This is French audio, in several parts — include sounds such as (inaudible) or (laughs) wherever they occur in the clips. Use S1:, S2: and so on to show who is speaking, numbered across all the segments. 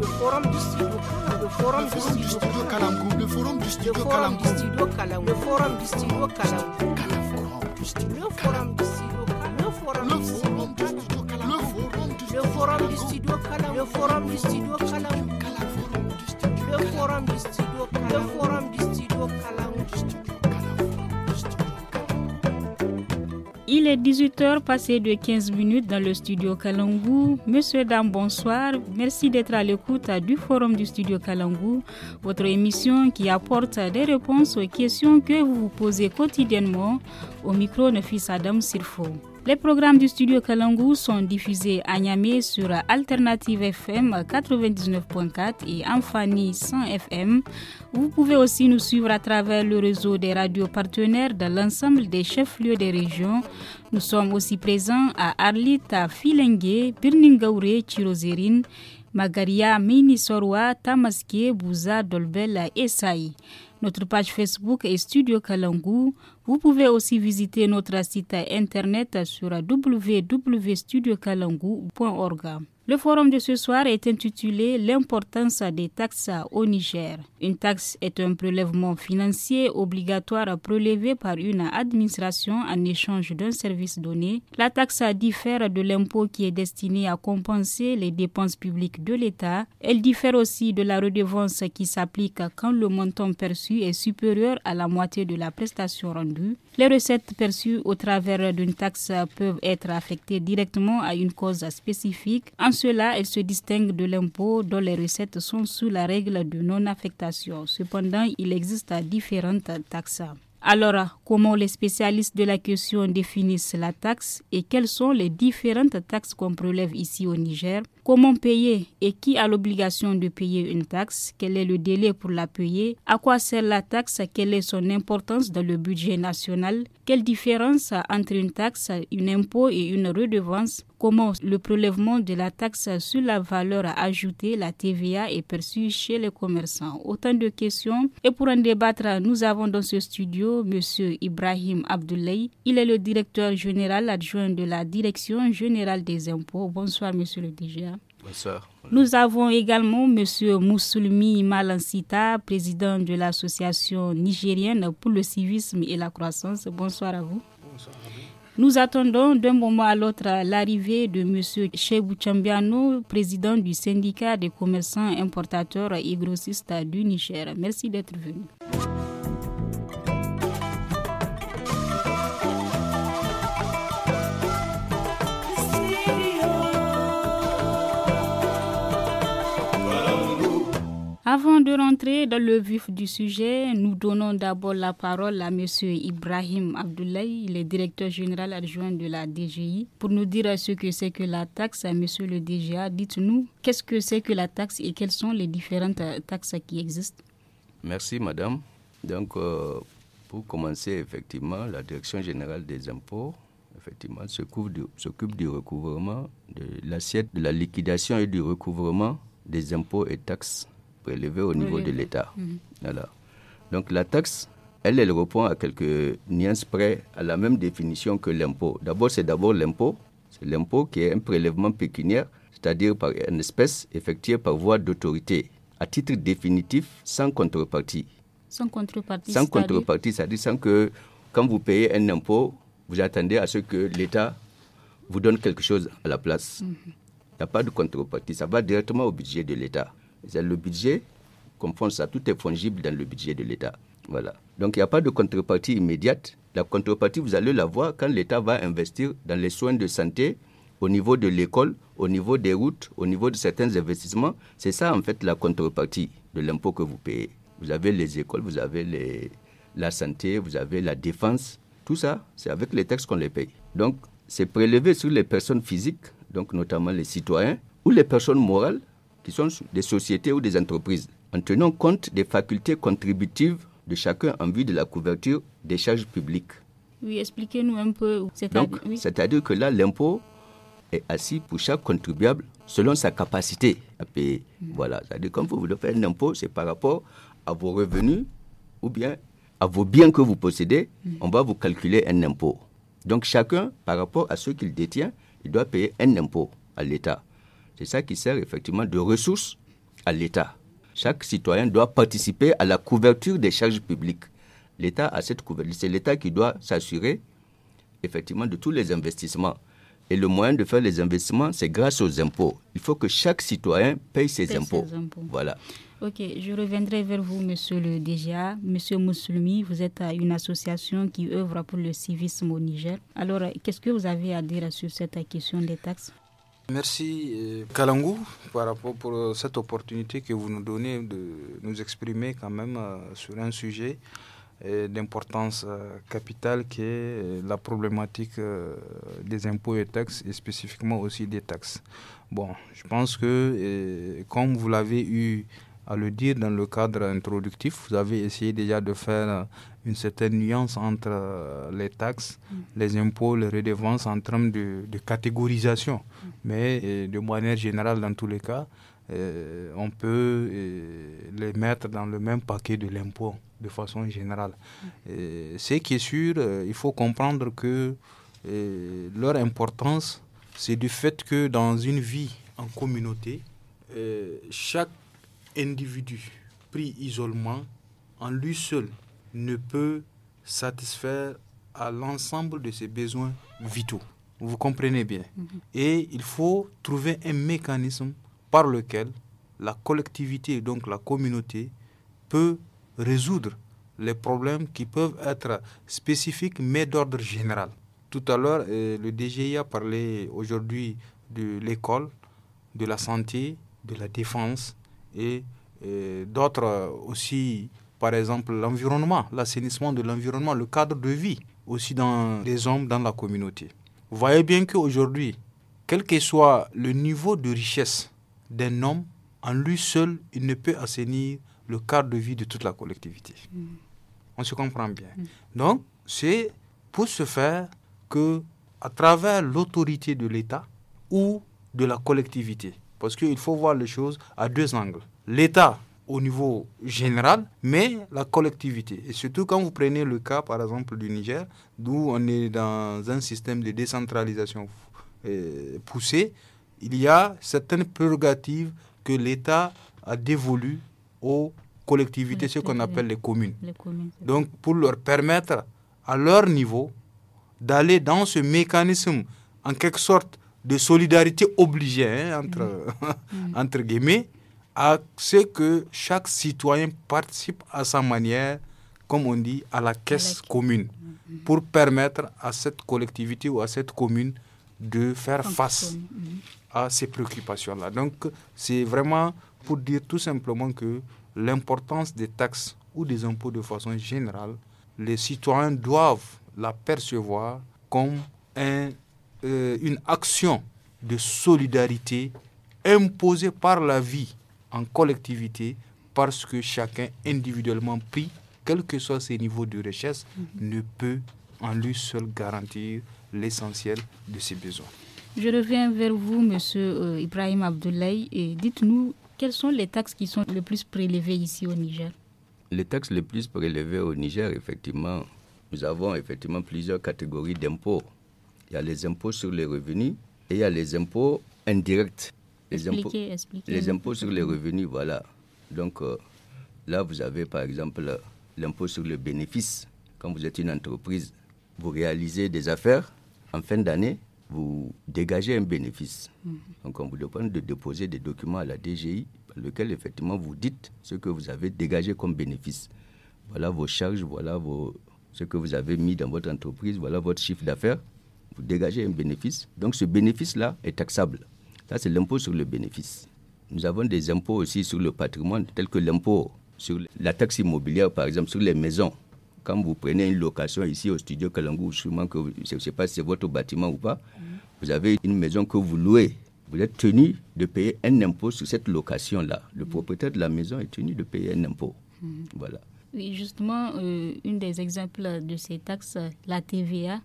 S1: le forum du studio le forum du studio le forum du studio Kalamgou, le forum du studio le forum du studio le forum du studio le forum du
S2: studio
S3: le forum du studio
S2: le forum
S3: du studio le forum du du studio
S4: Il est 18h passé de 15 minutes dans le studio Kalangou. Monsieur, dames, bonsoir. Merci d'être à l'écoute du forum du studio Kalangou, votre émission qui apporte des réponses aux questions que vous vous posez quotidiennement. Au micro, Nefis Adam Sirfo. Les programmes du studio Kalangu sont diffusés à Niamey sur Alternative FM 99.4 et Amphani 100 FM. Vous pouvez aussi nous suivre à travers le réseau des radios partenaires de l'ensemble des chefs-lieux des régions. Nous sommes aussi présents à Arlita, Filengue, Birningaure, Chirozérine, Magaria, Minisorwa, Tamaske, Bouza, Dolbel et Saï notre page Facebook est Studio Kalangu. Vous pouvez aussi visiter notre site internet sur www.studiokalangu.org. Le forum de ce soir est intitulé L'importance des taxes au Niger. Une taxe est un prélèvement financier obligatoire prélevé par une administration en échange d'un service donné. La taxe diffère de l'impôt qui est destiné à compenser les dépenses publiques de l'État. Elle diffère aussi de la redevance qui s'applique quand le montant perçu est supérieur à la moitié de la prestation rendue. Les recettes perçues au travers d'une taxe peuvent être affectées directement à une cause spécifique cela, elle se distingue de l'impôt dont les recettes sont sous la règle de non-affectation. Cependant, il existe différentes taxes. Alors, comment les spécialistes de la question définissent la taxe et quelles sont les différentes taxes qu'on prélève ici au Niger Comment payer et qui a l'obligation de payer une taxe Quel est le délai pour la payer À quoi sert la taxe Quelle est son importance dans le budget national Quelle différence entre une taxe, une impôt et une redevance comment le prélèvement de la taxe sur la valeur ajoutée, la TVA, est perçu chez les commerçants. Autant de questions. Et pour en débattre, nous avons dans ce studio M. Ibrahim Abdoulaye. Il est le directeur général adjoint de la Direction générale des impôts. Bonsoir, Monsieur le DGA. Bonsoir. Nous avons également M. Moussoulmi Malansita, président de l'Association nigérienne pour le civisme et la croissance. Bonsoir à vous. Bonsoir. Nous attendons d'un moment à l'autre l'arrivée de M. Chebou Chambiano, président du syndicat des commerçants importateurs et grossistes du Niger. Merci d'être venu. Avant de rentrer dans le vif du sujet, nous donnons d'abord la parole à M. Ibrahim Abdoulaye, le directeur général adjoint de la DGI, pour nous dire ce que c'est que la taxe. M. le DGA, dites-nous qu'est-ce que c'est que la taxe et quelles sont les différentes euh, taxes qui existent.
S3: Merci, madame. Donc, euh, pour commencer, effectivement, la Direction générale des impôts effectivement, s'occupe du, recouvrement, de l'assiette, de la liquidation et du recouvrement des impôts et taxes élevé au niveau de l'État. Mhm. Voilà. Donc la taxe, elle, elle répond à quelques nuances près à la même définition que l'impôt. D'abord, c'est d'abord l'impôt. C'est l'impôt qui est un prélèvement pécuniaire, c'est-à-dire par une espèce effectuée par voie d'autorité, à titre définitif, sans contrepartie.
S4: Sans contrepartie. Sans contrepartie,
S3: c'est-à-dire sans que quand vous payez un impôt, vous attendez à ce que l'État vous donne quelque chose à la place. Mhm. Il n'y a pas de contrepartie, ça va directement au budget de l'État le budget, comme ça, tout est fongible dans le budget de l'État. Voilà. Donc il n'y a pas de contrepartie immédiate. La contrepartie, vous allez la voir quand l'État va investir dans les soins de santé, au niveau de l'école, au niveau des routes, au niveau de certains investissements. C'est ça en fait la contrepartie de l'impôt que vous payez. Vous avez les écoles, vous avez la santé, vous avez la défense. Tout ça, c'est avec les taxes qu'on les paye. Donc c'est prélevé sur les personnes physiques, donc notamment les citoyens, ou les personnes morales, qui sont des sociétés ou des entreprises, en tenant compte des facultés contributives de chacun en vue de la couverture des charges publiques.
S4: Oui, expliquez-nous un peu. c'est-à-dire
S3: que là, l'impôt est assis pour chaque contribuable selon sa capacité à payer. Hmm. Voilà, c'est-à-dire quand vous voulez faire un impôt, c'est par rapport à vos revenus ou bien à vos biens que vous possédez, hmm. on va vous calculer un impôt. Donc chacun, par rapport à ce qu'il détient, il doit payer un impôt à l'État. C'est ça qui sert effectivement de ressource à l'État. Chaque citoyen doit participer à la couverture des charges publiques. L'État a cette couverture. C'est l'État qui doit s'assurer effectivement de tous les investissements. Et le moyen de faire les investissements, c'est grâce aux impôts. Il faut que chaque citoyen
S4: paye, ses, impôts. Voilà. Ok, je reviendrai vers vous, monsieur le DGA. Monsieur Moussoumi, vous êtes une association qui œuvre pour le civisme au Niger. Alors, qu'est-ce que vous avez à dire sur cette question des taxes
S5: Merci euh, Kalangou par rapport pour euh, cette opportunité que vous nous donnez de nous exprimer quand même euh, sur un sujet d'importance capitale qui est la problématique des impôts et taxes et spécifiquement aussi des taxes. Bon, je pense que comme vous l'avez eu à le dire dans le cadre introductif. Vous avez essayé déjà de faire euh, une certaine nuance entre euh, les taxes, mm. les impôts, les redevances en termes de, catégorisation. Mm. Mais euh, de manière générale, dans tous les cas, on peut les mettre dans le même paquet de l'impôt de façon générale. Mm. Ce qui est sûr, il faut comprendre que leur importance, c'est du fait que dans une vie en communauté, chaque individu pris isolement en lui seul ne peut satisfaire à l'ensemble de ses besoins vitaux. Vous comprenez bien. Mhm. Et il faut trouver un mécanisme par lequel la collectivité, donc la communauté, peut résoudre les problèmes qui peuvent être spécifiques mais d'ordre général. Tout à l'heure, euh, le DGI a parlé aujourd'hui de l'école, de la santé, de la défense, et, d'autres aussi, par exemple, l'environnement, l'assainissement de l'environnement, le cadre de vie aussi dans les hommes, dans la communauté. Vous voyez bien qu'aujourd'hui, quel que soit le niveau de richesse d'un homme, en lui seul, il ne peut assainir le cadre de vie de toute la collectivité. Mm. On se comprend bien. Mm. Donc, c'est pour ce faire que, à travers l'autorité de l'État ou de la collectivité, parce qu'il faut voir les choses à deux angles. L'État au niveau général, mais la collectivité. Et surtout quand vous prenez le cas, par exemple, du Niger, d'où on est dans un système de décentralisation euh, poussée, il y a certaines prérogatives que l'État a dévolues aux collectivités, ce qu'on appelle les communes. Donc, pour leur permettre, à leur niveau, d'aller dans ce mécanisme, en quelque sorte, de solidarité obligée, hein, entre, mm. (laughs) Mm. entre guillemets, à ce que chaque citoyen participe à sa manière, comme on dit, à la caisse commune, mm, pour permettre à cette collectivité ou à cette commune de faire face à ces préoccupations-là. Donc, c'est vraiment pour dire tout simplement que l'importance des taxes ou des impôts de façon générale, les citoyens doivent la percevoir comme un euh, une action de solidarité imposée par la vie en collectivité parce que chacun individuellement pris, quel que soit ses niveaux de richesse, mhm. ne peut en lui seul garantir l'essentiel
S3: de ses besoins.
S4: Je reviens vers vous, M. Euh, Ibrahim Abdoulaye, et dites-nous quelles sont les taxes qui sont les plus prélevées ici au Niger.
S3: Les taxes les plus prélevées au Niger, effectivement, nous avons effectivement plusieurs catégories d'impôts. Il y a les impôts sur les revenus et il y a les impôts indirects. Les, impôts, les impôts sur les revenus, voilà. Donc euh, là, vous avez par exemple l'impôt sur le bénéfice. Quand vous êtes une entreprise, vous réalisez des affaires. En fin d'année, vous dégagez un bénéfice. Mhm. Donc on vous demande de déposer des documents à la DGI par lequel effectivement vous dites ce que vous avez dégagé comme bénéfice. Voilà vos charges, voilà ce que vous avez mis dans votre entreprise, voilà votre chiffre d'affaires vous dégagez un bénéfice. Donc ce bénéfice-là est taxable. Ça, c'est l'impôt sur le bénéfice. Nous avons des impôts aussi sur le patrimoine, tels que l'impôt sur la taxe immobilière, par exemple, sur les maisons. Quand vous prenez une location ici au studio Kalangou, sûrement que je ne sais pas si c'est votre bâtiment ou pas, mm-hmm. vous avez une maison que vous louez. Vous êtes tenu de payer un impôt sur cette location-là. Le mm-hmm. propriétaire de la maison est tenu de payer un impôt. Mm-hmm. Voilà.
S4: Oui, justement, euh, une des exemples de ces taxes, la TVA,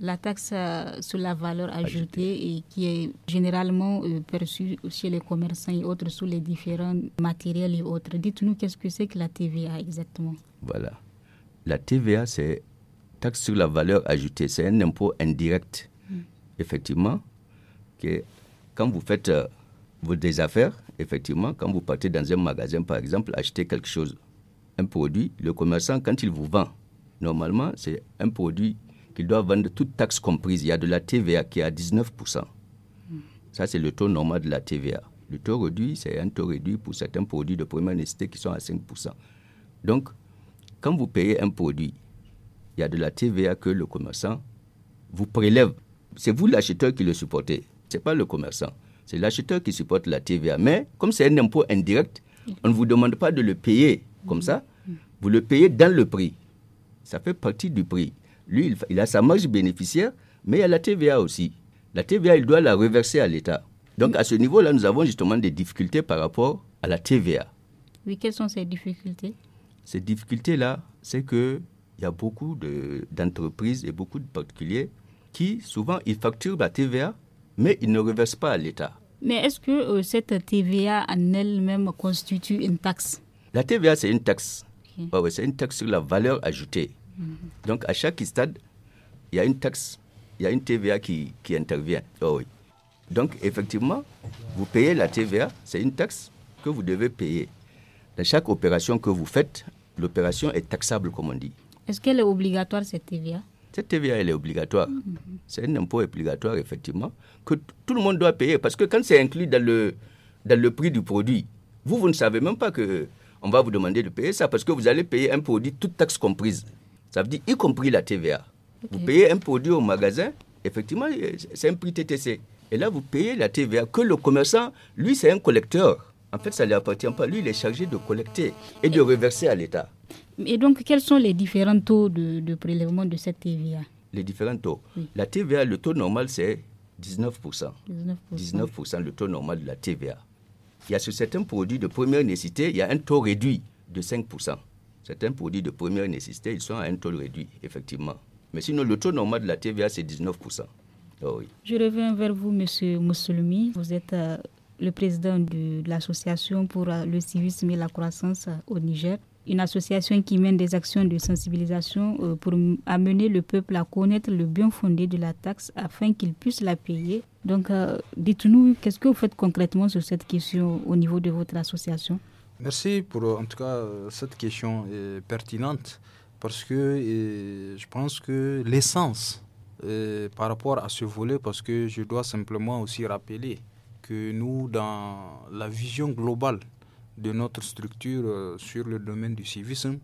S4: la taxe euh, sur la valeur ajoutée, qui est généralement euh, perçue chez les commerçants et autres sur les différents matériels et autres. Dites-nous qu'est-ce que c'est que la TVA exactement
S3: Voilà. La TVA, c'est taxe sur la valeur ajoutée. C'est un impôt indirect, mm. effectivement, que quand vous faites euh, vos des affaires, effectivement, quand vous partez dans un magasin, par exemple, acheter quelque chose, un produit, le commerçant, quand il vous vend, normalement, c'est un produit il doit vendre toute taxe comprise. Il y a de la TVA qui est à 19%. Ça, c'est le taux normal de la TVA. Le taux réduit, c'est un taux réduit pour certains produits de première nécessité qui sont à 5%. Donc, quand vous payez un produit, il y a de la TVA que le commerçant vous prélève. C'est vous l'acheteur qui le supportez. Ce n'est pas le commerçant. C'est l'acheteur qui supporte la TVA. Mais comme c'est un impôt indirect, on ne vous demande pas de le payer comme ça. Vous le payez dans le prix. Ça fait partie du prix. Lui, il, a sa marge bénéficiaire, mais il y a la TVA aussi. La TVA, il doit la reverser à l'État. Donc à ce niveau-là, nous avons justement des difficultés par rapport à la TVA.
S4: Oui, quelles sont ces difficultés
S3: Ces difficultés-là, c'est qu'il y a beaucoup d'entreprises et beaucoup de particuliers qui, souvent, ils facturent la TVA, mais ils ne reversent pas à l'État.
S4: Mais est-ce que euh, cette TVA en elle-même constitue une taxe
S3: La TVA, c'est une taxe. c'est une taxe sur la valeur ajoutée. Donc à chaque stade, il y a une taxe, il y a une TVA qui, intervient. Oh Donc effectivement, vous payez la TVA, c'est une taxe que vous devez payer. Dans chaque opération que vous faites, l'opération est taxable, comme on dit.
S4: Est-ce qu'elle est obligatoire, cette TVA
S3: Cette TVA, elle est obligatoire. C'est un impôt obligatoire, effectivement, que tout le monde doit payer. Parce que quand c'est inclus dans le, dans le prix du produit, vous, vous ne savez même pas que on va vous demander de payer ça, parce que vous allez payer un produit, toute taxe comprise. Ça veut dire y compris la TVA. Vous payez un produit au magasin, effectivement, c'est un prix TTC. Et là, vous payez la TVA que le commerçant, lui, c'est un collecteur. En fait, ça ne lui appartient pas. Lui, il est chargé de collecter et de reverser à l'État.
S4: Et donc, quels sont les différents taux de, prélèvement de cette TVA
S3: Les différents taux. La TVA, le taux normal, c'est 19%. 19%.
S4: 19%.
S3: le taux normal de la TVA. Il y a sur certains produits de première nécessité, il y a un taux réduit de 5%. Certains produits de première nécessité, ils sont à un taux réduit, effectivement. Mais sinon, le taux normal de la TVA, c'est 19%.
S4: Je reviens vers vous, Monsieur Moussoulmi. Vous êtes euh, le président de l'association pour euh, le civisme et la croissance euh, au Niger une association qui mène des actions de sensibilisation pour amener le peuple à connaître le bien fondé de la taxe afin qu'il puisse la payer. Donc, dites-nous, qu'est-ce que vous faites concrètement sur cette question au niveau de votre association
S5: Merci pour euh, en tout cas euh, cette question pertinente parce que je pense que l'essence euh, par rapport à ce volet, parce que je dois simplement aussi rappeler que nous, dans la vision globale de notre structure sur le domaine du civisme,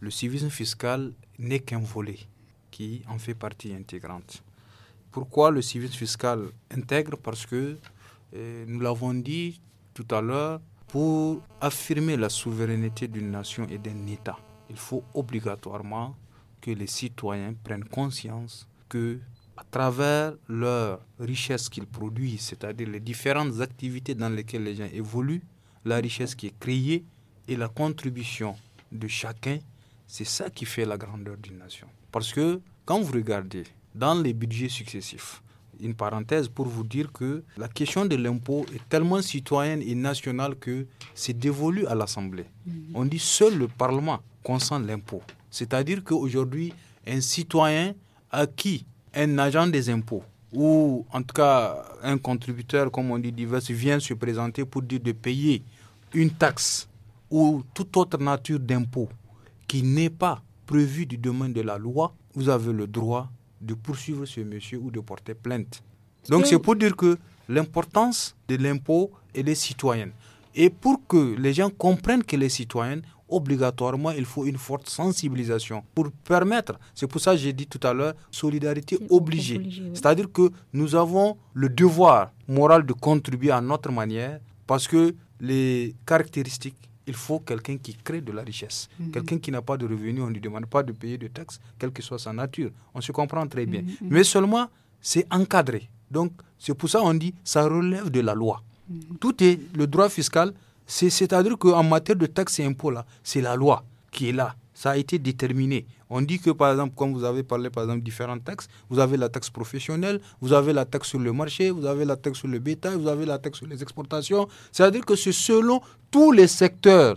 S5: le civisme fiscal n'est qu'un volet qui en fait partie intégrante. Pourquoi le civisme fiscal intègre Parce que, nous l'avons dit tout à l'heure, pour affirmer la souveraineté d'une nation et d'un État, il faut obligatoirement que les citoyens prennent conscience que à travers leur richesse qu'ils produisent, c'est-à-dire les différentes activités dans lesquelles les gens évoluent, la richesse qui est créée et la contribution de chacun, c'est ça qui fait la grandeur d'une nation. Parce que quand vous regardez dans les budgets successifs, une parenthèse pour vous dire que la question de l'impôt est tellement citoyenne et nationale que c'est dévolu à l'Assemblée. Mhm. On dit seul le Parlement consent l'impôt. C'est-à-dire qu'aujourd'hui, un citoyen à qui un agent des impôts ou en tout cas un contributeur, comme on dit divers, vient se présenter pour dire de payer une taxe ou toute autre nature d'impôt qui n'est pas prévue du domaine de la loi, vous avez le droit de poursuivre ce monsieur ou de porter plainte. Donc c'est pour dire que l'importance de l'impôt, est des citoyens. Et pour que les gens comprennent que les citoyens, obligatoirement, il faut une forte sensibilisation pour permettre, c'est pour ça que j'ai dit tout à l'heure, solidarité obligée. C'est-à-dire que nous avons le devoir moral de contribuer à notre manière parce que les caractéristiques il faut quelqu'un qui crée de la richesse. Mhm. Quelqu'un qui n'a pas de revenus, on ne lui demande pas de payer de taxes, quelle que soit sa nature. On se comprend très bien. Mhm. Mais seulement, c'est encadré. Donc, c'est pour ça qu'on dit, ça relève de la loi. Mhm. Tout est le droit fiscal, c'est-à-dire qu'en matière de taxes et impôts, là, c'est la loi qui est là ça a été déterminé. On dit que, par exemple, comme vous avez parlé, par exemple, différents taxes, vous avez la taxe professionnelle, vous avez la taxe sur le marché, vous avez la taxe sur le bétail, vous avez la taxe sur les exportations. C'est-à-dire que c'est selon tous les secteurs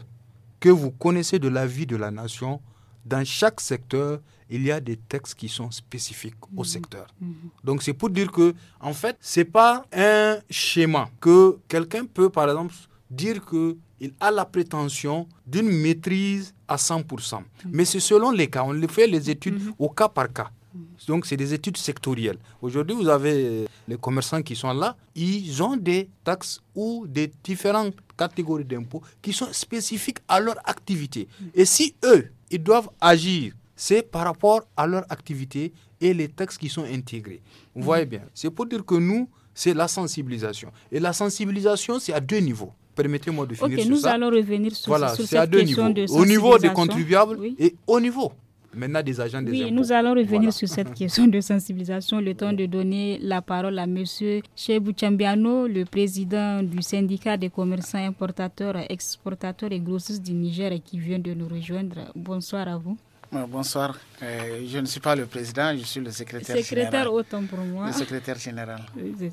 S5: que vous connaissez de la vie de la nation, dans chaque secteur, il y a des textes qui sont spécifiques au mhm. secteur. Mhm. Donc c'est pour dire que, en fait, ce n'est pas un schéma que quelqu'un peut, par exemple, dire qu'il a la prétention d'une maîtrise à 100%. Mais c'est selon les cas. On fait les études mhm. au cas par cas. Mhm. Donc, c'est des études sectorielles. Aujourd'hui, vous avez euh, les commerçants qui sont là. Ils ont des taxes ou des différentes catégories d'impôts qui sont spécifiques à leur activité. Mhm. Et si eux, ils doivent agir, c'est par rapport à leur activité et les taxes qui sont intégrées. Vous voyez bien. C'est pour dire que nous, c'est la sensibilisation. Et la sensibilisation, c'est à deux niveaux permettez-moi de finir sur nous allons revenir sur, voilà, c'est à deux niveaux. Au niveau des contribuables et au niveau maintenant des agents des oui, nous
S4: allons revenir sur cette question de sensibilisation. Le temps de donner la parole à M. Chebou Chambiano, le président du syndicat des commerçants importateurs, exportateurs et grossistes du Niger qui vient de nous rejoindre. Bonsoir à vous.
S1: Euh, bonsoir. Euh, je ne suis pas le président, je suis le secrétaire, général. secrétaire
S4: autant pour moi. Le
S1: secrétaire général.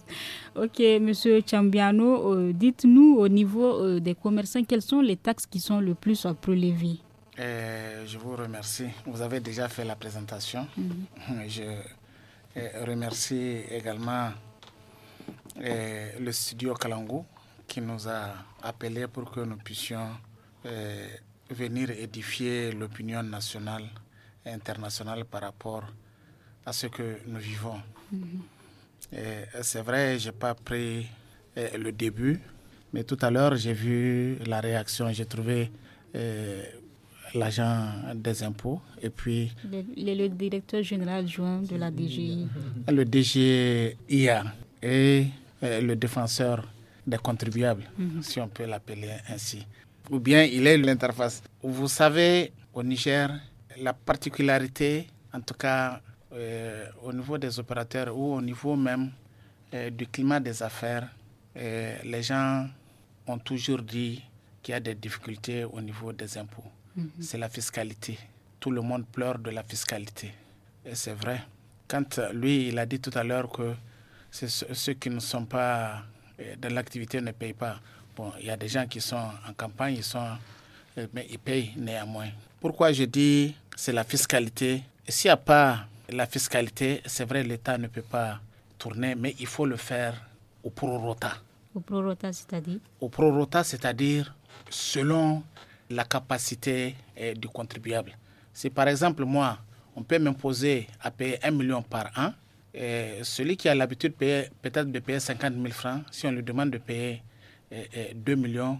S4: (laughs) ok, Monsieur Chambiano, euh, dites-nous au niveau des commerçants, quelles sont les taxes qui sont le plus prélevées
S1: Je vous remercie. Vous avez déjà fait la présentation. Mm-hmm. (laughs) Je remercie également le studio Kalangu qui nous a appelé pour que nous puissions venir édifier l'opinion nationale et internationale par rapport à ce que nous vivons. Mhm. C'est vrai, je n'ai pas pris eh, le début, mais tout à l'heure, j'ai vu la réaction. J'ai trouvé eh, l'agent des impôts et puis...
S4: Le, directeur général joint de la DGI.
S1: Le DGIA et eh, le défenseur des contribuables, mhm. si on peut l'appeler ainsi ou bien il est l'interface. Vous savez, au Niger, la particularité, en tout cas euh, au niveau des opérateurs ou au niveau même euh, du climat des affaires, euh, les gens ont toujours dit qu'il y a des difficultés au niveau des impôts. Mhm. C'est la fiscalité. Tout le monde pleure de la fiscalité. Et c'est vrai. Quand lui, il a dit tout à l'heure que ceux qui ne sont pas dans l'activité ne payent pas. Bon, il y a des gens qui sont en campagne, ils sont, euh, mais ils payent néanmoins. Pourquoi je dis c'est la fiscalité S'il n'y a pas la fiscalité, c'est vrai, l'État ne peut pas tourner, mais il faut le faire au prorata.
S4: Au prorata, c'est-à-dire
S1: Au prorata, c'est-à-dire selon la capacité euh, du contribuable. Si par exemple, moi, on peut m'imposer à payer 1 million par an, et euh, celui qui a l'habitude peut-être de payer 50 000 francs, si on lui demande de payer 2 millions,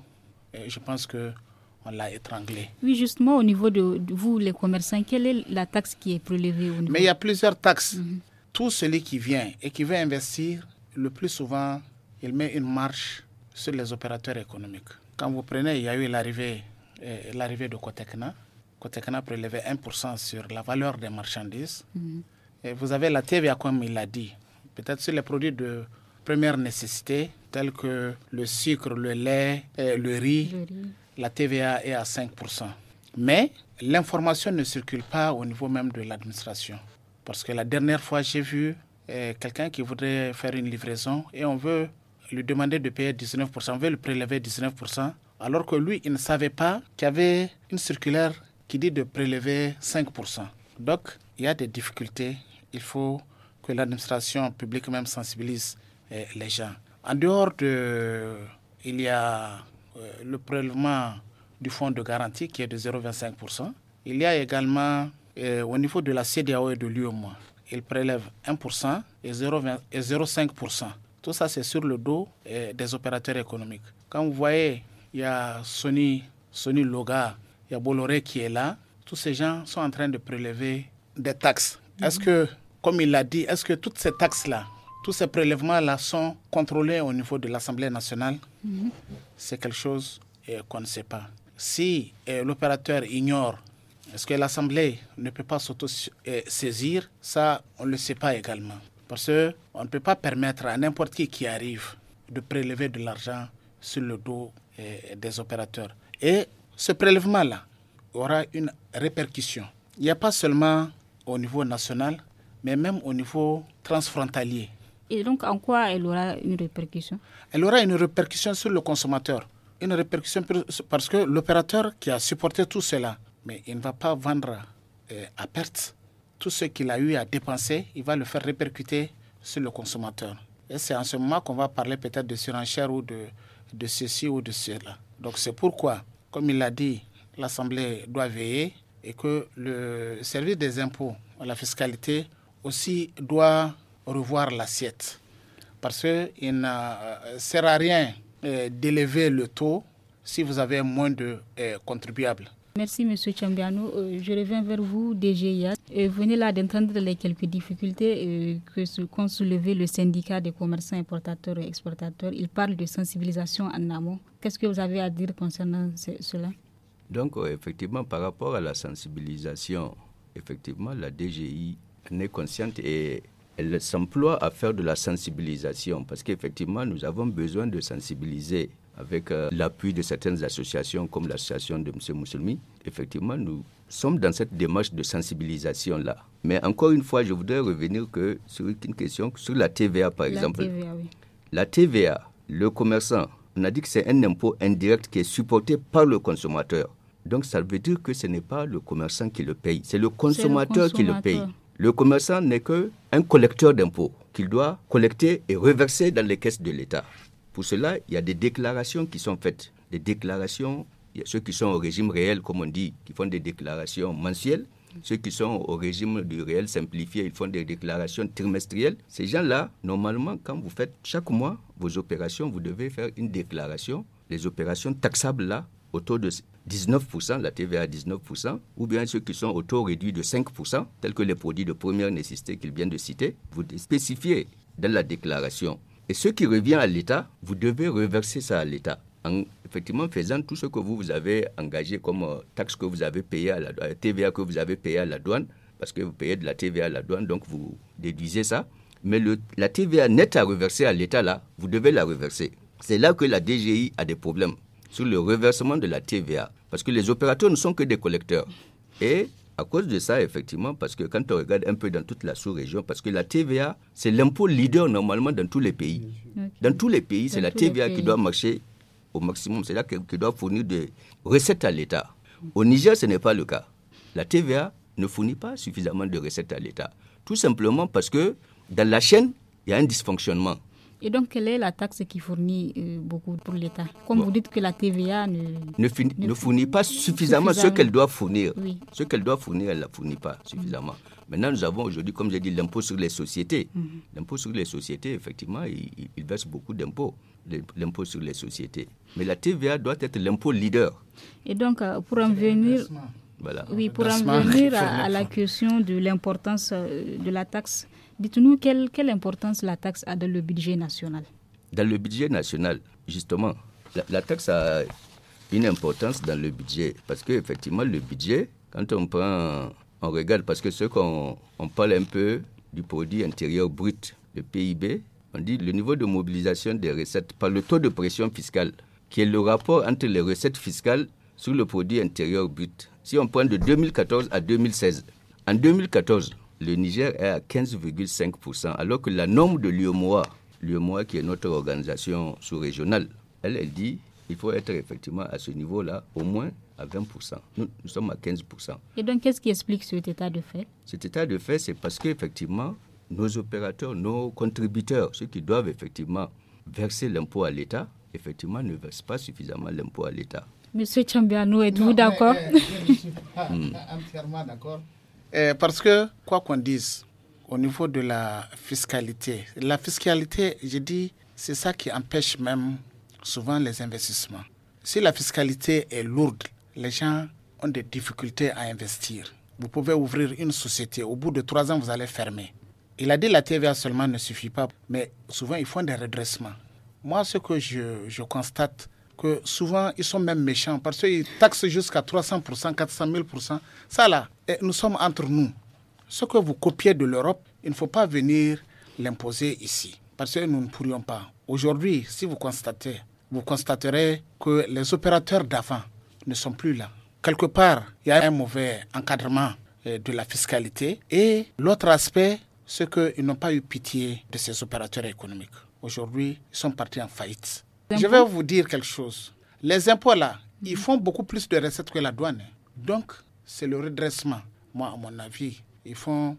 S1: je pense que on l'a étranglé.
S4: Oui, justement, au niveau de, vous, les commerçants, quelle est la taxe qui est prélevée au Mais il y a
S1: plusieurs taxes. Mhm. Tout celui qui vient et qui veut investir, le plus souvent, il met une marche sur les opérateurs économiques. Quand vous prenez, il y a eu l'arrivée, euh, l'arrivée de Cotecna. Cotecna prélevait 1% sur la valeur des marchandises. Mhm. Et vous avez la TVA, comme il l'a dit. Peut-être sur les produits de première nécessité, tels que le sucre, le lait, et le, riz, la TVA est à 5%. Mais l'information ne circule pas au niveau même de l'administration. Parce que la dernière fois, j'ai vu eh, quelqu'un qui voudrait faire une livraison et on veut lui demander de payer 19%, on veut le prélever 19%, alors que lui, il ne savait pas qu'il y avait une circulaire qui dit de prélever 5%. Donc, il y a des difficultés. Il faut que l'administration publique même sensibilise eh, les gens. En dehors de. Il y a euh, le prélèvement du fonds de garantie qui est de 0,25%. Il y a également, euh, au niveau de la CDAO et de l'UOMA, e ils prélèvent 1% et 0,5%. Tout ça, c'est sur le dos euh, des opérateurs économiques. Quand vous voyez, il y a Sony, Sony Loga, il y a Bolloré qui est là. Tous ces gens sont en train de prélever des taxes. Est-ce mhm. que, comme il l'a dit, est-ce que toutes ces taxes-là, tous ces prélèvements-là sont contrôlés au niveau de l'Assemblée nationale. Mhm. C'est quelque chose euh, qu'on ne sait pas. Si euh, l'opérateur ignore, est-ce que l'Assemblée ne peut pas s'auto-saisir euh, Ça, on ne le sait pas également. Parce qu'on ne peut pas permettre à n'importe qui qui arrive de prélever de l'argent sur le dos des opérateurs. Et ce prélèvement-là aura une répercussion. Il n'y a pas seulement au niveau national, mais même au niveau transfrontalier.
S4: Et donc, en quoi elle aura une répercussion
S1: Elle aura une répercussion sur le consommateur. Une répercussion parce que l'opérateur qui a supporté tout cela, mais il ne va pas vendre euh, à perte. Tout ce qu'il a eu à dépenser, il va le faire répercuter sur le consommateur. Et c'est en ce moment qu'on va parler peut-être de surenchère ou de, de ceci ou de cela. Donc c'est pourquoi, comme il l'a dit, l'Assemblée doit veiller et que le service des impôts, la fiscalité, aussi doit revoir l'assiette. Parce qu'il ne euh, sert à rien euh, d'élever le taux si vous avez moins de euh, contribuables.
S4: Merci, Monsieur Chambiano. Je reviens vers vous, DGIA. Venez là d'entendre les quelques difficultés qu'ont soulevé le syndicat des commerçants importateurs et exportateurs. Il parle de sensibilisation en amont. Qu'est-ce que vous avez à dire concernant cela
S3: Donc, effectivement, par rapport à la sensibilisation, effectivement, la DGI n'est est consciente et elle s'emploie à faire de la sensibilisation parce qu'effectivement, nous avons besoin de sensibiliser avec euh, l'appui de certaines associations comme l'association de M. Mousselmi. Effectivement, nous sommes dans cette démarche de sensibilisation-là. Mais encore une fois, je voudrais revenir que sur une question, sur la TVA par la exemple. TVA, oui. La TVA, le commerçant, on a dit que c'est un impôt indirect qui est supporté par le consommateur. Donc ça veut dire que ce n'est pas le commerçant qui le paye, c'est le consommateur qui le paye. Le commerçant n'est qu'un collecteur d'impôts qu'il doit collecter et reverser dans les caisses de l'État. Pour cela, il y a des déclarations qui sont faites. Des déclarations, il y a ceux qui sont au régime réel, comme on dit, qui font des déclarations mensuelles. Ceux qui sont au régime du réel simplifié, ils font des déclarations trimestrielles. Ces gens-là, normalement, quand vous faites chaque mois vos opérations, vous devez faire une déclaration. Les opérations taxables, là, autour de 19%, la TVA à 19%, ou bien ceux qui sont au taux réduit de 5%, tels que les produits de première nécessité qu'il vient de citer, vous spécifiez dans la déclaration. Et ce qui revient à l'État, vous devez reverser ça à l'État en effectivement faisant tout ce que vous, vous avez engagé comme euh, taxe que vous avez payé à la euh, TVA que vous avez payé à la douane, parce que vous payez de la TVA à la douane, donc vous déduisez ça. Mais le, la TVA nette à reverser à l'État, là, vous devez la reverser. C'est là que la DGI a des problèmes sur le reversement de la TVA. Parce que les opérateurs ne sont que des collecteurs. Et à cause de ça, effectivement, parce que quand on regarde un peu dans toute la sous-région, parce que la TVA, c'est l'impôt leader normalement dans tous les pays. Dans tous les pays, c'est la TVA qui doit marcher au maximum, c'est là qui doit fournir des recettes à l'État. Au Niger, ce n'est pas le cas. La TVA ne fournit pas suffisamment de recettes à l'État. Tout simplement parce que dans la chaîne, il y a un dysfonctionnement.
S4: Et donc, quelle est la taxe qui fournit euh, beaucoup pour l'État Comme vous dites que la TVA ne,
S3: ne, fournit pas suffisamment, ce qu'elle doit fournir. Ce qu'elle doit fournir, elle ne la fournit pas suffisamment. Maintenant, nous avons aujourd'hui, comme j'ai dit, l'impôt sur les sociétés. Mhm. L'impôt sur les sociétés, effectivement, il, verse beaucoup d'impôts l'impôt sur les sociétés. Mais la TVA doit être l'impôt leader.
S4: Et donc, euh, pour en venir,
S3: voilà. oui, pour en venir à, la
S4: question de l'importance euh, de la taxe Dites-nous quelle, importance la taxe a dans le budget national
S3: Dans le budget national, justement, la, taxe a une importance dans le budget. Parce qu'effectivement, le budget, quand on prend, on regarde, parce que ce qu'on on parle un peu du produit intérieur brut, le PIB, on dit le niveau de mobilisation des recettes par le taux de pression fiscale, qui est le rapport entre les recettes fiscales sur le produit intérieur brut. Si on prend de 2014 à 2016, en 2014, le Niger est à 15,5%, alors que la norme de l'UMOA, l'UMOA qui est notre organisation sous-régionale, elle, dit qu'il faut être effectivement à ce niveau-là, au moins à 20%. Nous, nous sommes à 15%.
S4: Et donc, qu'est-ce qui explique cet état de fait
S3: Cet état de fait, c'est parce qu'effectivement, nos opérateurs, nos contributeurs, ceux qui doivent effectivement verser l'impôt à l'État, effectivement, ne versent pas suffisamment l'impôt à l'État.
S4: Monsieur Chambiano, êtes-vous d'accord euh, Je suis pas (laughs) hmm. entièrement d'accord
S1: euh, parce que, quoi qu'on dise, au niveau de la fiscalité, la fiscalité, je dis, c'est ça qui empêche même souvent les investissements. Si la fiscalité est lourde, les gens ont des difficultés à investir. Vous pouvez ouvrir une société, au bout de trois ans, vous allez fermer. Il a dit la TVA seulement ne suffit pas, mais souvent ils font des redressements. Moi, ce que je, je constate, que souvent ils sont même méchants parce qu'ils taxent jusqu'à 300%, 400 000%. Ça là, eh, nous sommes entre nous. Ce que vous copiez de l'Europe, il ne faut pas venir l'imposer ici parce que nous ne pourrions pas. Aujourd'hui, si vous constatez, vous constaterez que les opérateurs d'avant ne sont plus là. Quelque part, il y a un mauvais encadrement eh, de la fiscalité. Et l'autre aspect, c'est qu'ils n'ont pas eu pitié de ces opérateurs économiques. Aujourd'hui, ils sont partis en faillite. Je vais vous dire quelque chose. Les impôts là, ils font beaucoup plus de recettes que la douane. Donc, c'est le redressement. Moi, à mon avis, ils font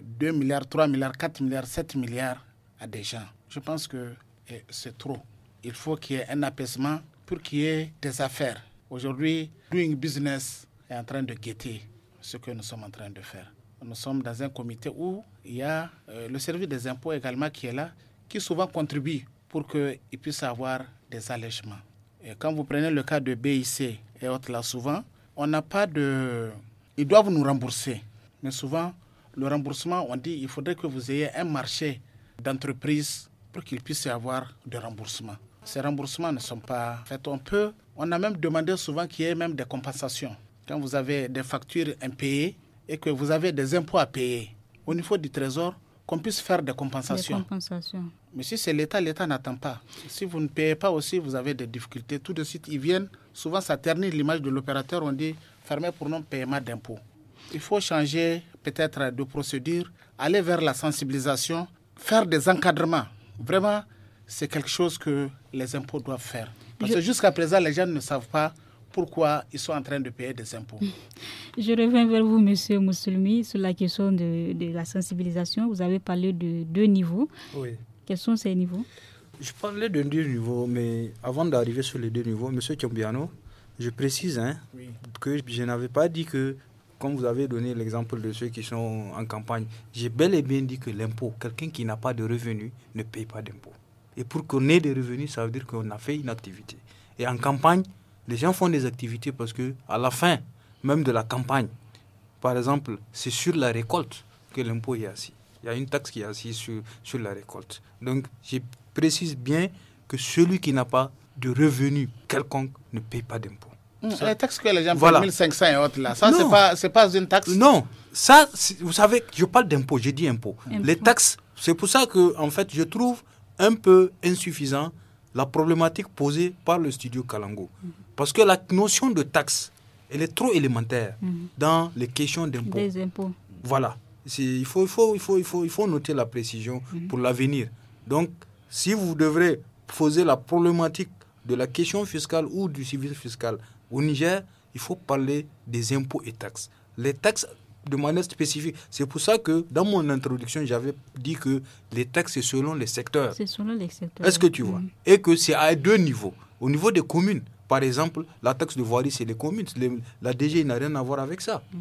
S1: 2 milliards, 3 milliards, 4 milliards, 7 milliards à des gens. Je pense que eh, c'est trop. Il faut qu'il y ait un apaisement pour qu'il y ait des affaires. Aujourd'hui, doing business est en train de guetter ce que nous sommes en train de faire. Nous sommes dans un comité où il y a euh, le service des impôts également qui est là, qui souvent contribue pour qu'ils puissent avoir des allègements. Et quand vous prenez le cas de BIC et autres, là, souvent, on n'a pas de. Ils doivent nous rembourser. Mais souvent, le remboursement, on dit il faudrait que vous ayez un marché d'entreprise pour qu'il puisse y avoir de remboursement. Ces remboursements ne sont pas faits. On peut, on a même demandé souvent qu'il y ait même des compensations. Quand vous avez des factures impayées et que vous avez des impôts à payer, au niveau du trésor, qu'on puisse faire des compensations. Des compensations. Mais si c'est l'État, l'État n'attend pas. Si vous ne payez pas aussi, vous avez des difficultés. Tout de suite, ils viennent. Souvent, ça ternit l'image de l'opérateur. On dit fermé pour non-paiement d'impôts. Il faut changer peut-être de procédure, aller vers la sensibilisation, faire des encadrements. Vraiment, c'est quelque chose que les impôts doivent faire. Parce que jusqu'à présent, les gens ne savent pas pourquoi ils sont en train de payer des impôts.
S4: (laughs) Je reviens vers vous, Monsieur Mousselmi, sur la question de, la sensibilisation. Vous avez parlé de deux niveaux. Oui. Quels sont ces niveaux
S5: Je parlais de deux niveaux, mais avant d'arriver sur les deux niveaux, M. Chombiano, je précise hein, que je n'avais pas dit que, comme vous avez donné l'exemple de ceux qui sont en campagne, j'ai bel et bien dit que l'impôt, quelqu'un qui n'a pas de revenus ne paye pas d'impôt. Et pour qu'on ait des revenus, ça veut dire qu'on a fait une activité. Et en campagne, les gens font des activités parce que à la fin même de la campagne, par exemple, c'est sur la récolte que l'impôt est assis. Il y a une taxe qui est assise sur, sur la récolte. Donc, je précise bien que celui qui n'a pas de revenu quelconque ne paye pas d'impôt.
S1: Hmm, les taxes que les gens voilà. 1500 et autres, là, ça, c'est pas, pas une taxe Non, ça,
S5: vous savez, je parle d'impôt, j'ai dit impôt. Les taxes, c'est pour ça que, en fait, je trouve un peu insuffisant la problématique posée par le studio Kalango. Mhm. Parce que la notion de taxe, elle est trop élémentaire mhm. dans les questions d'impôt. Des impôts. Voilà il faut, il, faut, il, faut, il, faut, il faut noter la précision mhm. pour l'avenir. Donc, si vous devrez poser la problématique de la question fiscale ou du civil fiscal au Niger, il faut parler des impôts et taxes. Les taxes de manière spécifique. C'est pour ça que dans mon introduction, j'avais dit que les taxes, c'est selon les secteurs. C'est
S4: selon les secteurs. Est-ce que tu vois
S5: mhm. Et que c'est à deux niveaux. Au niveau des communes, par exemple, la taxe de voirie, c'est les communes. la DG n'a rien à voir avec ça. Mhm.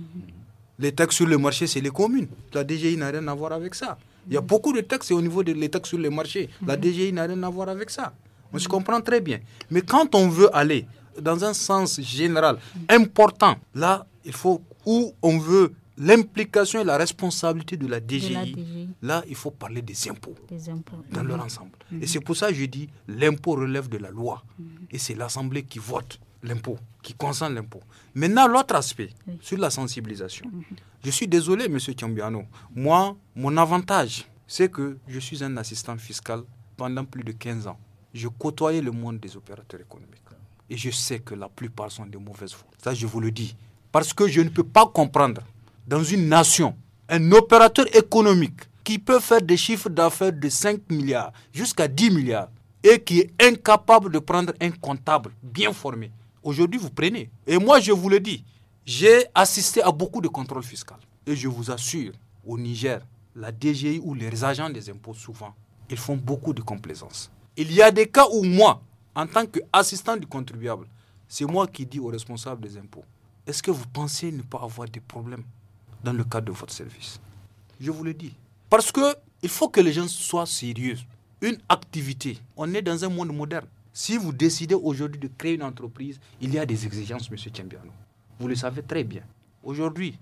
S5: Les taxes sur le marché, c'est les communes. La DGI n'a rien à voir avec ça. Il y a beaucoup de taxes au niveau des taxes sur le marché. La mhm. DGI n'a rien à voir avec ça. On se comprend très bien. Mais quand on veut aller dans un sens général important, là, il faut où on veut l'implication et la responsabilité de la DGI. Là, il faut parler des impôts,
S4: des dans leur ensemble. Et mhm. c'est
S5: pour ça que je dis l'impôt relève de la loi. Mhm. Et c'est l'Assemblée qui vote l'impôt, qui concerne l'impôt. Maintenant, l'autre aspect, sur la sensibilisation. Je suis désolé, Monsieur Tiambiano. Moi, mon avantage, c'est que je suis un assistant fiscal pendant plus de 15 ans. Je côtoyais le monde des opérateurs économiques. Et je sais que la plupart sont de mauvaises voix. Ça, je vous le dis. Parce que je ne peux pas comprendre, dans une nation, un opérateur économique qui peut faire des chiffres d'affaires de 5 milliards jusqu'à 10 milliards et qui est incapable de prendre un comptable bien formé Aujourd'hui, vous prenez. Et moi, je vous le dis, j'ai assisté à beaucoup de contrôles fiscaux. Et je vous assure, au Niger, la DGI ou les agents des impôts, souvent, ils font beaucoup de complaisance. Il y a des cas où moi, en tant qu'assistant du contribuable, c'est moi qui dis aux responsables des impôts, est-ce que vous pensez ne pas avoir des problèmes dans le cadre de votre service Je vous le dis. Parce qu'il faut que les gens soient sérieux. Une activité, on est dans un monde moderne. Si vous décidez aujourd'hui de créer une entreprise, il y a des exigences, M. Tchembiano. Vous le savez très bien. Aujourd'hui,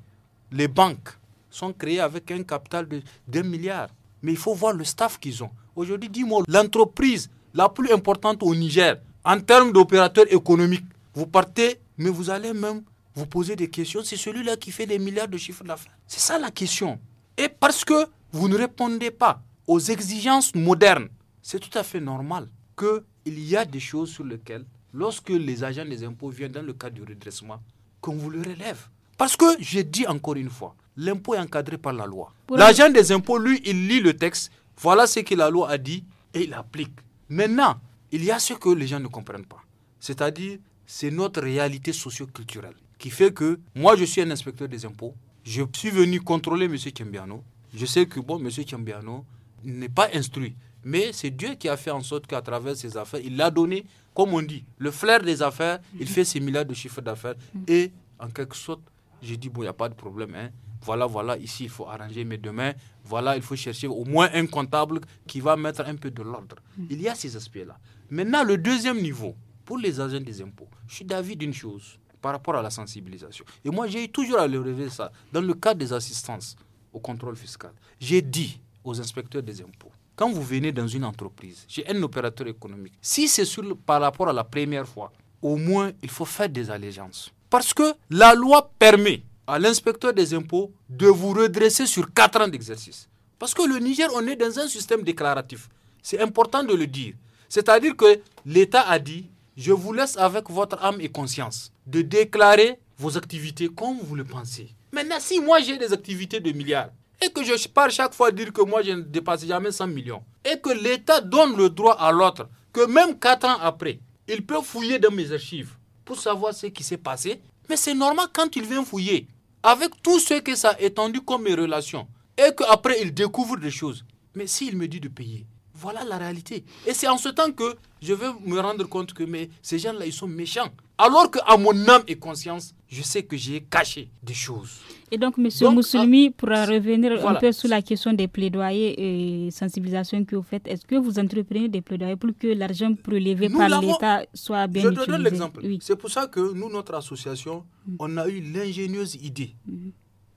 S5: les banques sont créées avec un capital de 2 milliards. Mais il faut voir le staff qu'ils ont. Aujourd'hui, dis-moi, l'entreprise la plus importante au Niger, en termes d'opérateurs économiques, vous partez, mais vous allez même vous poser des questions. C'est celui-là qui fait des milliards de chiffres d'affaires. C'est ça la question. Et parce que vous ne répondez pas aux exigences modernes, c'est tout à fait normal que il y a des choses sur lesquelles, lorsque les agents des impôts viennent dans le cadre du redressement, qu'on vous le relève. Parce que, je dis encore une fois, l'impôt est encadré par la loi. L'agent des impôts, lui, il lit le texte, voilà ce que la loi a dit et il applique. Maintenant, il y a ce que les gens ne comprennent pas. C'est-à-dire, c'est notre réalité socioculturelle qui fait que moi, je suis un inspecteur des impôts. Je suis venu contrôler M. Kembiano. Je sais que, bon, M. Kembiano n'est pas instruit. Mais c'est Dieu qui a fait en sorte qu'à travers ses affaires, il l'a donné, comme on dit, le flair des affaires, il fait ses milliards de chiffres d'affaires. Et en quelque sorte, j'ai dit, bon, il n'y a pas de problème. Hein. Voilà, voilà, ici, il faut arranger mes demain. Voilà, il faut chercher au moins un comptable qui va mettre un peu de l'ordre. Il y a ces aspects-là. Maintenant, le deuxième niveau, pour les agents des impôts, je suis d'avis d'une chose par rapport à la sensibilisation. Et moi, j'ai toujours à le relever ça dans le cadre des assistances au contrôle fiscal. J'ai dit aux inspecteurs des impôts quand vous venez dans une entreprise, j'ai un opérateur économique. Si c'est par rapport à la première fois, au moins il faut faire des allégeances. Parce que la loi permet à l'inspecteur des impôts de vous redresser sur 4 ans d'exercice. Parce que le Niger, on est dans un système déclaratif. C'est important de le dire. C'est-à-dire que l'État a dit, je vous laisse avec votre âme et conscience de déclarer vos activités comme vous le pensez. Maintenant, si moi j'ai des activités de milliards, et que je pars chaque fois dire que moi je ne dépasse jamais 100 millions, et que l'État donne le droit à l'autre, que même 4 ans après, il peut fouiller dans mes archives pour savoir ce qui s'est passé, mais c'est normal quand il vient fouiller, avec tout ce que ça a étendu comme mes relations, et qu'après il découvre des choses. Mais s'il me dit de payer,
S1: voilà la réalité.
S5: Et c'est en ce temps que je vais me rendre compte que ces gens-là, ils sont méchants. Alors que, à mon âme et conscience, je sais que j'ai caché des choses.
S4: Et donc, M. Moussoumi, ah, pour revenir un peu sur la question des plaidoyers et sensibilisation que vous faites, est-ce que vous entreprenez des plaidoyers pour que l'argent prélevé par l'État soit bien utilisé Je donne l'exemple.
S5: C'est pour ça que nous, notre association, mm. on a eu l'ingénieuse idée mm.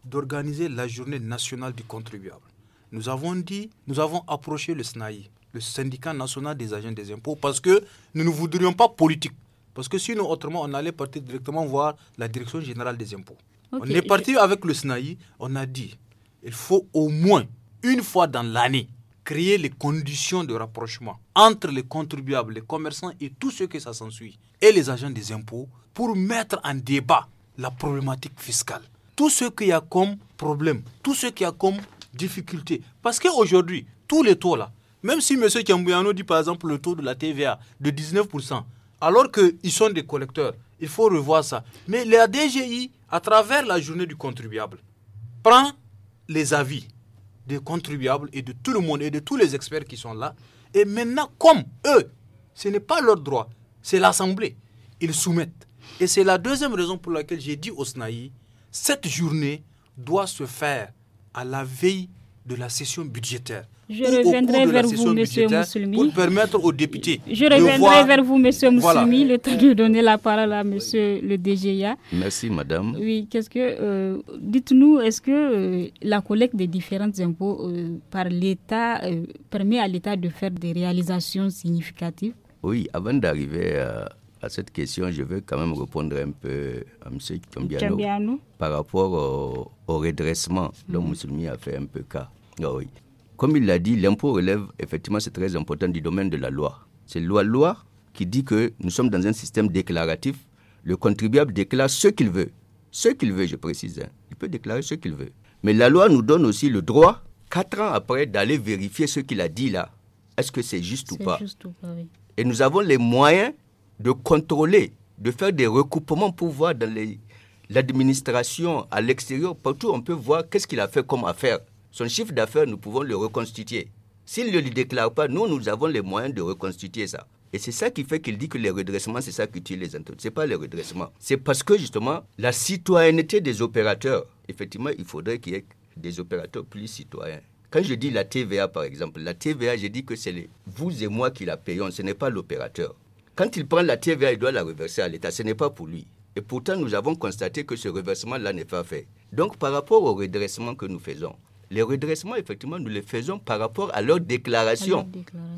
S5: d'organiser la journée nationale du contribuable. Nous avons dit, nous avons approché le SNAI, le syndicat national des agents des impôts, parce que nous ne voudrions pas politique. Parce que sinon, autrement, on allait partir directement voir la direction générale des impôts.
S2: On est parti
S5: avec le SNAI, on a dit, il faut au moins une fois dans l'année créer les conditions de rapprochement entre les contribuables, les commerçants et tout ce que ça s'ensuit, et les agents des impôts, pour mettre en débat la problématique fiscale. Tout ce qu'il y a comme problème, tout ce qu'il y a comme difficulté. Parce qu'aujourd'hui, tous les taux là, même si M. Kiambuyano dit par exemple le taux de la TVA de 19%, alors qu'ils sont des collecteurs, il faut revoir ça. Mais la DGI, à travers la journée du contribuable, prend les avis des contribuables et de tout le monde et de tous les experts qui sont là. Et maintenant, comme eux, ce n'est pas leur droit, c'est l'Assemblée, ils soumettent. Et c'est la deuxième raison pour laquelle j'ai dit au SNAI, cette journée doit se faire à la veille de la session budgétaire. Je reviendrai vers vous, monsieur Moussoumi. Pour permettre aux députés. Je reviendrai vers vous, monsieur Moussoumi, le temps de
S4: donner la parole à monsieur le DGIA.
S3: Merci, madame. Oui,
S4: qu'est-ce que. Euh, dites-nous, est-ce que euh, la collecte des différents impôts euh, par l'État permet à l'État de faire des réalisations significatives
S3: Oui, avant d'arriver à à cette question, je veux quand même répondre un peu à M. Kambiano, par rapport au, redressement L'homme musulman mhm. a fait un peu cas. Ah oui. Comme il l'a dit, l'impôt relève, effectivement, c'est très important du domaine de la loi. C'est loi, loi qui dit que nous sommes dans un système déclaratif. Le contribuable déclare ce qu'il veut. Ce qu'il veut, je précise. Hein. Il peut déclarer ce qu'il veut. Mais la loi nous donne aussi le droit, quatre ans après, d'aller vérifier ce qu'il a dit là. Est-ce que c'est juste, ou pas, juste ou pas oui. Et nous avons les moyens de contrôler, de faire des recoupements pour voir dans l'administration, à l'extérieur, partout, on peut voir qu'est-ce qu'il a fait comme affaire. Son chiffre d'affaires, nous pouvons le reconstituer. S'il ne le déclare pas, nous, nous avons les moyens de reconstituer ça. Et c'est ça qui fait qu'il dit que les redressements, c'est ça qui tue les entreprises. Ce n'est pas les redressements. C'est parce que justement, la citoyenneté des opérateurs, effectivement, il faudrait qu'il y ait des opérateurs plus citoyens. Quand je dis la TVA, par exemple, la TVA, j'ai dit que c'est vous et moi qui la payons, ce n'est pas l'opérateur. Quand il prend la TVA, il doit la reverser à l'État. Ce n'est pas pour lui. Et pourtant, nous avons constaté que ce reversement-là n'est pas fait. Donc, par rapport au redressement que nous faisons, les redressements, effectivement, nous les faisons par rapport à leurs déclarations.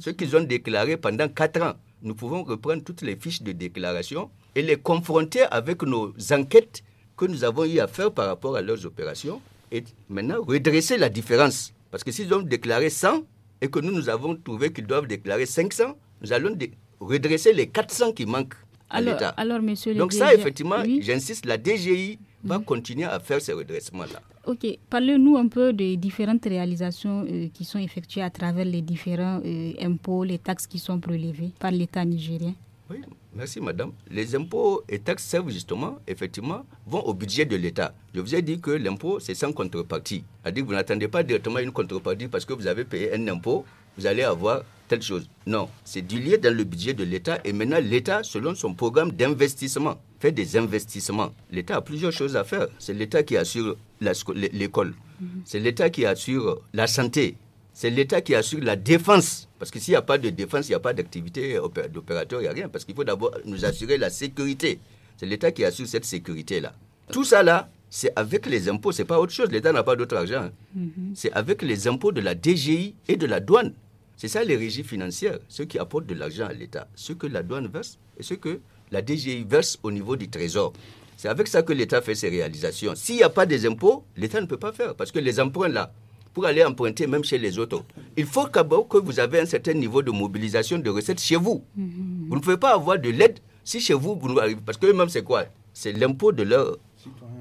S3: Ce qu'ils ont déclaré pendant quatre ans. Nous pouvons reprendre toutes les fiches de déclaration et les confronter avec nos enquêtes que nous avons eu à faire par rapport à leurs opérations et maintenant redresser la différence. Parce que s'ils ont déclaré 100 et que nous, nous avons trouvé qu'ils doivent déclarer 500, nous allons redresser les 400 qui manquent à l'État.
S4: Alors, monsieur le Donc ça, effectivement,
S3: j'insiste, la DGI va continuer à faire ces redressements-là.
S4: Ok, parlez-nous un peu des différentes réalisations euh, qui sont effectuées à travers les différents euh, impôts, les taxes qui sont prélevées par l'État nigérien. Oui,
S3: merci madame. Les impôts et taxes servent justement, effectivement, vont au budget de l'État. Je vous ai dit que l'impôt, c'est sans contrepartie. C'est-à-dire que vous n'attendez pas directement une contrepartie parce que vous avez payé un impôt, vous allez avoir telle chose. Non, c'est du lié dans le budget de l'État et maintenant l'État, selon son programme d'investissement, fait des investissements. L'État a plusieurs choses à faire. C'est l'État qui assure l'école, mhm. c'est l'État qui assure la santé, c'est l'État qui assure la défense. Parce que s'il n'y a pas de défense, il n'y a pas d'activité d'opérateur, il n'y a rien. Parce qu'il faut d'abord nous assurer la sécurité. C'est l'État qui assure cette sécurité-là. Tout ça, là, c'est avec les impôts, c'est pas autre chose. L'État n'a pas d'autre argent. Mhm. C'est avec les impôts de la DGI et de la douane. C'est ça les régies financières, ceux qui apportent de l'argent à l'État, ce que la douane verse et ce que la DGI verse au niveau du Trésor. C'est avec ça que l'État fait ses réalisations. S'il n'y a pas des impôts, l'État ne peut pas faire. Parce que les emprunts là, pour aller emprunter même chez les autres, il faut qu'abord que vous avez un certain niveau de mobilisation de recettes chez vous. Mm-hmm. Vous ne pouvez pas avoir de l'aide si chez vous, vous nous arrivez. Parce que même mêmes c'est quoi C'est l'impôt de leurs citoyens,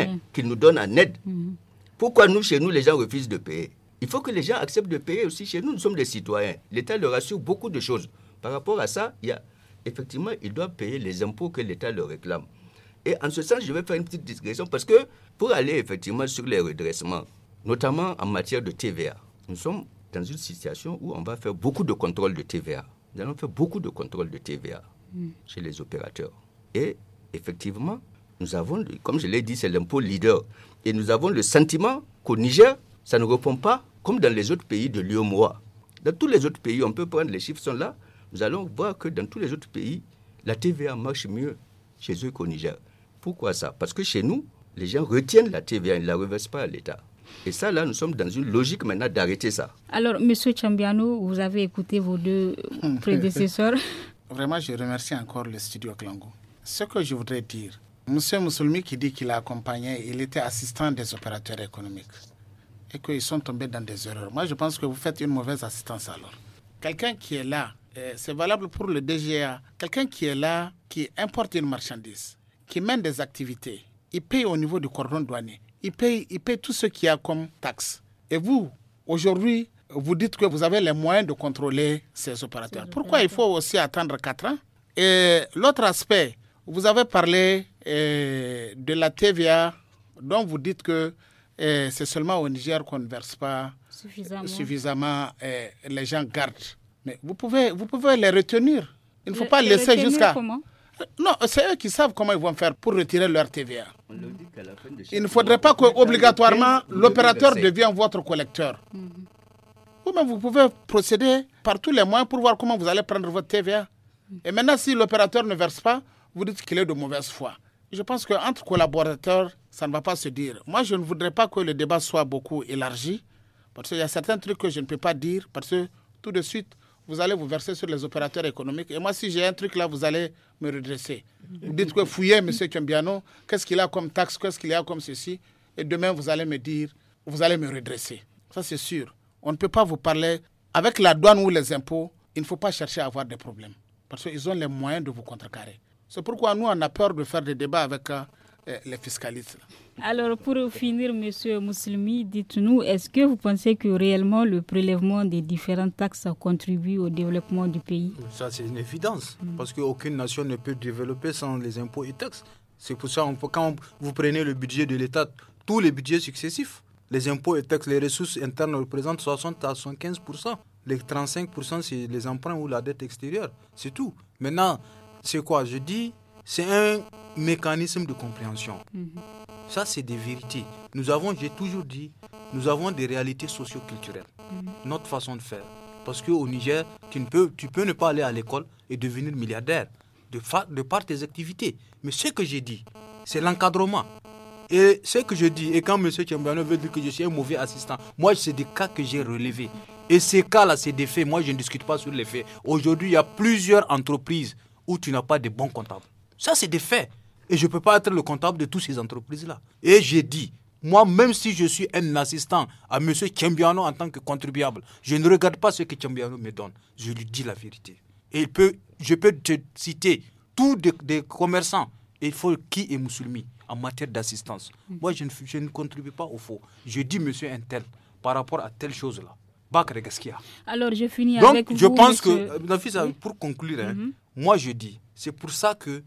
S3: citoyens qu'ils nous donnent en aide. Mm-hmm. Pourquoi nous, chez nous, les gens refusent de payer il faut que les gens acceptent de payer aussi. Chez nous, nous sommes des citoyens. L'État leur assure beaucoup de choses. Par rapport à ça, il y a, effectivement, ils doivent payer les impôts que l'État leur réclame. Et en ce sens, je vais faire une petite digression parce que pour aller effectivement sur les redressements, notamment en matière de TVA, nous sommes dans une situation où on va faire beaucoup de contrôles de TVA. Nous allons faire beaucoup de contrôles de TVA hmm. chez les opérateurs. Et effectivement, nous avons, comme je l'ai dit, c'est l'impôt leader. Et nous avons le sentiment qu'au Niger, ça ne répond pas comme dans les autres pays de l'UOMOA. Dans tous les autres pays, on peut prendre les chiffres sont là. Nous allons voir que dans tous les autres pays, la TVA marche mieux chez eux qu'au Niger. Pourquoi ça Parce que chez nous, les gens retiennent la TVA, ils ne la reversent pas à l'État. Et ça, là, nous sommes dans une logique maintenant d'arrêter ça.
S4: Alors, M. Chambiano, vous avez écouté vos deux (laughs) prédécesseurs.
S1: Vraiment, je remercie encore le studio Klango. Ce que je voudrais dire, M. Moussolmi qui dit qu'il a accompagné, il était assistant des opérateurs économiques et qu'ils sont tombés dans des erreurs. Moi, je pense que vous faites une mauvaise assistance alors. Quelqu'un qui est là, euh, c'est valable pour le DGA, quelqu'un qui est là, qui importe une marchandise, qui mène des activités, il paye au niveau du cordon douanier, il paye, il paye tout ce qu'il y a comme taxe. Et vous, aujourd'hui, vous dites que vous avez les moyens de contrôler ces opérateurs. Pourquoi il faut aussi attendre quatre ans Et l'autre aspect, vous avez parlé euh, de la TVA dont vous dites que c'est seulement au Niger qu'on ne verse pas euh, suffisamment. suffisamment et euh, les gens gardent. Mais vous pouvez, vous pouvez les retenir. Il ne faut pas laisser jusqu'à. Non, c'est eux qui savent comment ils vont faire pour retirer leur TVA. Il ne faudrait pas qu'obligatoirement l'opérateur devienne votre collecteur. Mhm. vous pouvez procéder par tous les moyens pour voir comment vous allez prendre votre TVA. Mhm. Et maintenant, si l'opérateur ne verse pas, vous dites qu'il est de mauvaise foi je pense qu'entre collaborateurs, ça ne va pas se dire. Moi, je ne voudrais pas que le débat soit beaucoup élargi, parce qu'il y a certains trucs que je ne peux pas dire, parce que tout de suite, vous allez vous verser sur les opérateurs économiques. Et moi, si j'ai un truc là, vous allez me redresser. Vous dites que fouillez, M. Cambiano, qu'est-ce qu'il a comme taxe, qu'est-ce qu'il a comme ceci. Et demain, vous allez me dire, vous allez me redresser. Ça, c'est sûr. On ne peut pas vous parler. Avec la douane ou les impôts, il ne faut pas chercher à avoir des problèmes. Parce qu'ils ont les moyens de vous contrecarrer. C'est pourquoi nous, on a peur de faire des débats avec euh, les fiscalistes.
S4: Alors, pour finir, Monsieur Mousselmi, dites-nous, est-ce que vous pensez que réellement le prélèvement des différentes taxes contribue au développement du pays
S5: Ça, c'est une évidence, mm. parce qu'aucune nation ne peut développer sans les impôts et taxes. C'est pour ça, on quand vous prenez le budget de l'État, tous les budgets successifs, les impôts et taxes, les ressources internes représentent 60 à 75 les 35%, c'est les emprunts ou la dette extérieure. C'est tout. Maintenant, c'est quoi Je dis, c'est un mécanisme de compréhension. Mm-hmm. Ça, c'est des vérités. Nous avons, j'ai toujours dit, nous avons des réalités socioculturelles, mm-hmm. notre façon de faire. Parce qu'au Niger, tu, ne peux, tu peux ne pas aller à l'école et devenir milliardaire de, de par tes activités. Mais ce que j'ai dit, c'est l'encadrement. Et ce que je dis, et quand M. Tchambano veut dire que je suis un mauvais assistant, moi, c'est des cas que j'ai relevés. Et ces cas-là, c'est des faits. Moi, je ne discute pas sur les faits. Aujourd'hui, il y a plusieurs entreprises où tu n'as pas de bons comptables. Ça, c'est des faits. Et je ne peux pas être le comptable de toutes ces entreprises-là. Et j'ai dit, moi, même si je suis un assistant à M. Tchambiano en tant que contribuable, je ne regarde pas ce que Tchambiano me donne. Je lui dis la vérité. Et il peut, je peux te citer tous des, commerçants, et faut qui est musulman en matière d'assistance. Mm. Moi, je ne, je ne contribue pas au faux. Je dis, monsieur Intel, par rapport à telle chose-là,
S4: alors je finis donc je pense que
S5: euh, hein, pour conclure hein, mhm. moi je dis c'est pour ça que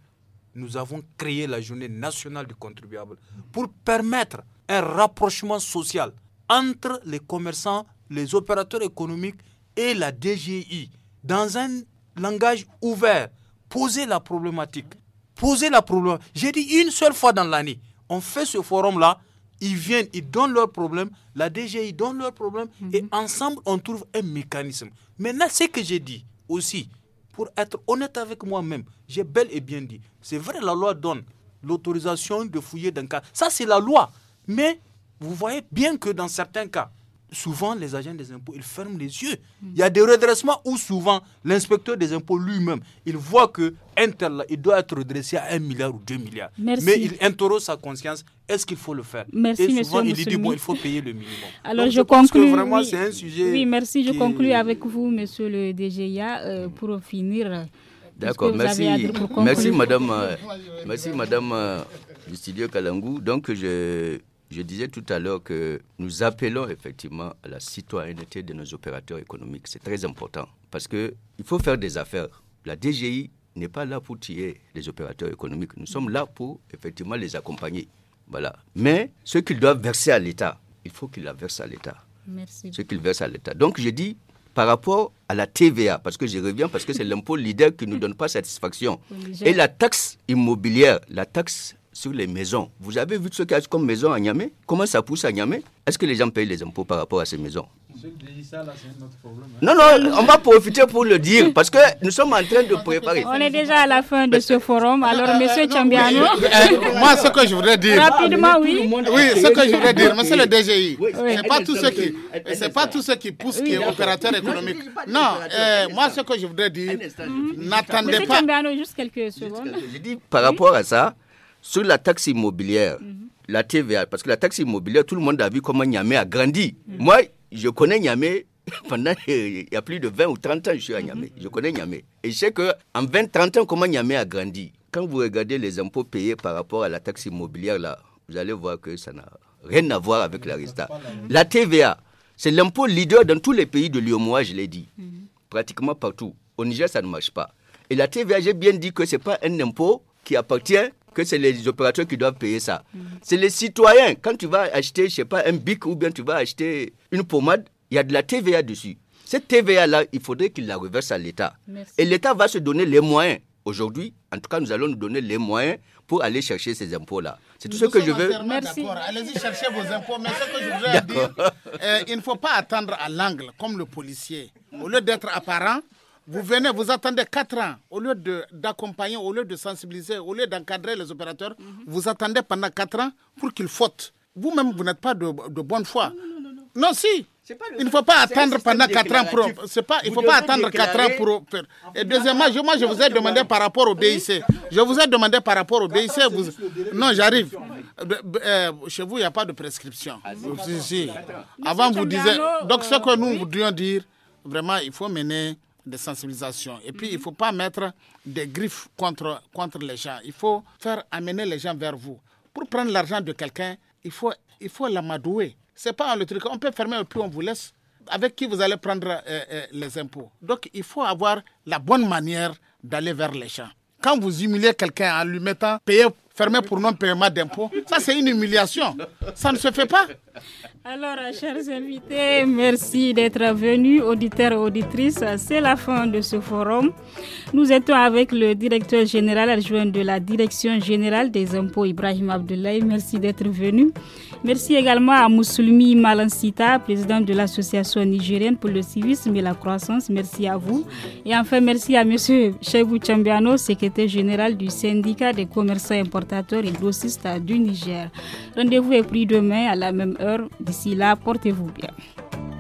S5: nous avons créé la journée nationale du contribuable pour permettre un rapprochement social entre les commerçants, les opérateurs économiques et la DGI dans un langage ouvert. Poser la problématique. Poser la problématique. J'ai dit une seule fois dans l'année, on fait ce forum-là ils viennent, ils donnent leurs problèmes, la DGI donne leurs problèmes, mhm. et ensemble, on trouve un mécanisme. Maintenant, ce que j'ai dit aussi, pour être honnête avec moi-même, j'ai bel et bien dit, c'est vrai, la loi donne l'autorisation de fouiller d'un cas. Ça, c'est la loi. Mais vous voyez bien que dans certains cas, souvent les agents des impôts, ils ferment les yeux. Il y a des redressements où souvent l'inspecteur des impôts lui-même, il voit que il doit être redressé à 1 milliard ou 2 milliards. Mais il interroge sa conscience, est-ce qu'il faut le faire Et souvent, il dit, bon, il faut payer le minimum.
S4: Alors, je, je conclue. vraiment, oui, c'est un sujet. Oui, merci. Je conclus conclue avec vous, monsieur le DGIA, euh, pour finir. D'accord, merci. Euh, merci, madame.
S3: merci, euh, madame du studio Kalangou. Donc, je je disais tout à l'heure que nous appelons effectivement à la citoyenneté de nos opérateurs économiques. C'est très important parce qu'il faut faire des affaires. La DGI n'est pas là pour tuer les opérateurs économiques. Nous sommes là pour effectivement les accompagner. Voilà. Mais ce qu'ils doivent verser à l'État, il faut qu'ils la versent à l'État. Merci. Ce qu'ils versent à l'État. Donc je dis par rapport à la TVA, parce que je reviens, parce que c'est l'impôt leader qui ne nous donne pas satisfaction. Et la taxe immobilière, la taxe sur les maisons. Vous avez vu ce qu'il y a comme maison à Niamey Comment ça pousse à Niamey Est-ce que les gens payent les impôts par rapport à ces maisons hein. Non, non, on va profiter pour le dire parce que nous sommes en train de préparer. On
S4: est déjà à la fin de ce forum. Alors, euh, monsieur euh, Chambiano. Euh, moi, ce
S1: que je voudrais dire. Rapidement, oui. Oui, ce que je voudrais dire, monsieur le DGI, ce n'est c'est pas tout ce qui pousse qui est opérateur économique. Non, moi, ce que je voudrais dire,
S4: n'attendez pas. Monsieur juste quelques secondes. Je dis
S3: par rapport à ça. Sur la taxe immobilière, mhm. la TVA, parce que la taxe immobilière, tout le monde a vu comment Niamey a grandi. Mhm. Moi, je connais Niamey (laughs) pendant, il y a plus de 20 ou 30 ans, je suis à Niamey. Mhm. Je connais Niamey. Et je sais qu'en 20, 30 ans, comment Niamey a grandi. Quand vous regardez les impôts payés par rapport à la taxe immobilière, là, vous allez voir que ça n'a rien à voir avec la résultat. La TVA, c'est l'impôt leader dans tous les pays de moi je l'ai dit. Pratiquement partout. Au Niger, ça ne marche pas. Et la TVA, j'ai bien dit que ce n'est pas un impôt qui appartient que c'est les opérateurs qui doivent payer ça. C'est les citoyens. Quand tu vas acheter, je sais pas, un bic ou bien tu vas acheter une pommade, il y a de la TVA dessus. Cette TVA-là, il faudrait qu'il la reverse à l'État. Et l'État va se donner les moyens. Aujourd'hui, en tout cas, nous allons nous donner les moyens pour aller chercher ces impôts-là. C'est tout ce que je veux.
S1: Merci. Allez-y chercher vos impôts. Mais ce que je
S3: voudrais dire,
S1: euh, il ne faut pas attendre à l'angle, comme le policier. Au lieu d'être apparent, vous venez, vous attendez 4 ans, au lieu d'accompagner, au lieu de sensibiliser, au lieu d'encadrer les opérateurs, mhm. vous attendez pendant 4 ans pour qu'ils faute Vous-même, vous, n'êtes pas de, bonne foi. Non, si il ne faut pas attendre pendant 4 ans pour. pas, il ne faut pas attendre 4 ans pour. Et ah, deuxièmement, je, moi, je vous ai demandé par rapport au BIC. Je vous ai demandé par rapport au BIC. Vous... Non, j'arrive. Euh, chez vous, il n'y a pas de prescription. Ah, Avant, vous disiez. Donc, ce que euh, nous voudrions dire, vraiment, il faut mener de sensibilisation. Et puis, il ne mhm. faut pas mettre des griffes contre, contre les gens. Il faut faire amener les gens vers vous. Pour prendre l'argent de quelqu'un, il faut, il faut l'amadouer. Ce n'est pas le truc. On peut fermer et puis on vous laisse. Avec qui vous allez prendre euh, euh, les impôts. Donc, il faut avoir la bonne manière d'aller vers les gens. Quand vous humiliez quelqu'un en lui mettant payer fermé pour non-paiement d'impôts. Ça, c'est une humiliation. Ça ne se fait pas.
S4: Alors, chers invités, merci d'être venus, auditeurs et auditrices. C'est la fin de ce forum. Nous étions avec le directeur général adjoint de la Direction générale des impôts, Ibrahim Abdoulaye. Merci d'être venu. Merci également à Moussoulmi Malansita, président de l'Association nigérienne pour le civisme et la croissance. Merci à vous. Et enfin, merci à M. Chegou Chambiano, secrétaire général du syndicat des commerçants importateurs et grossistes du Niger. Rendez-vous est pris demain à la même heure. Si là, portez-vous bien.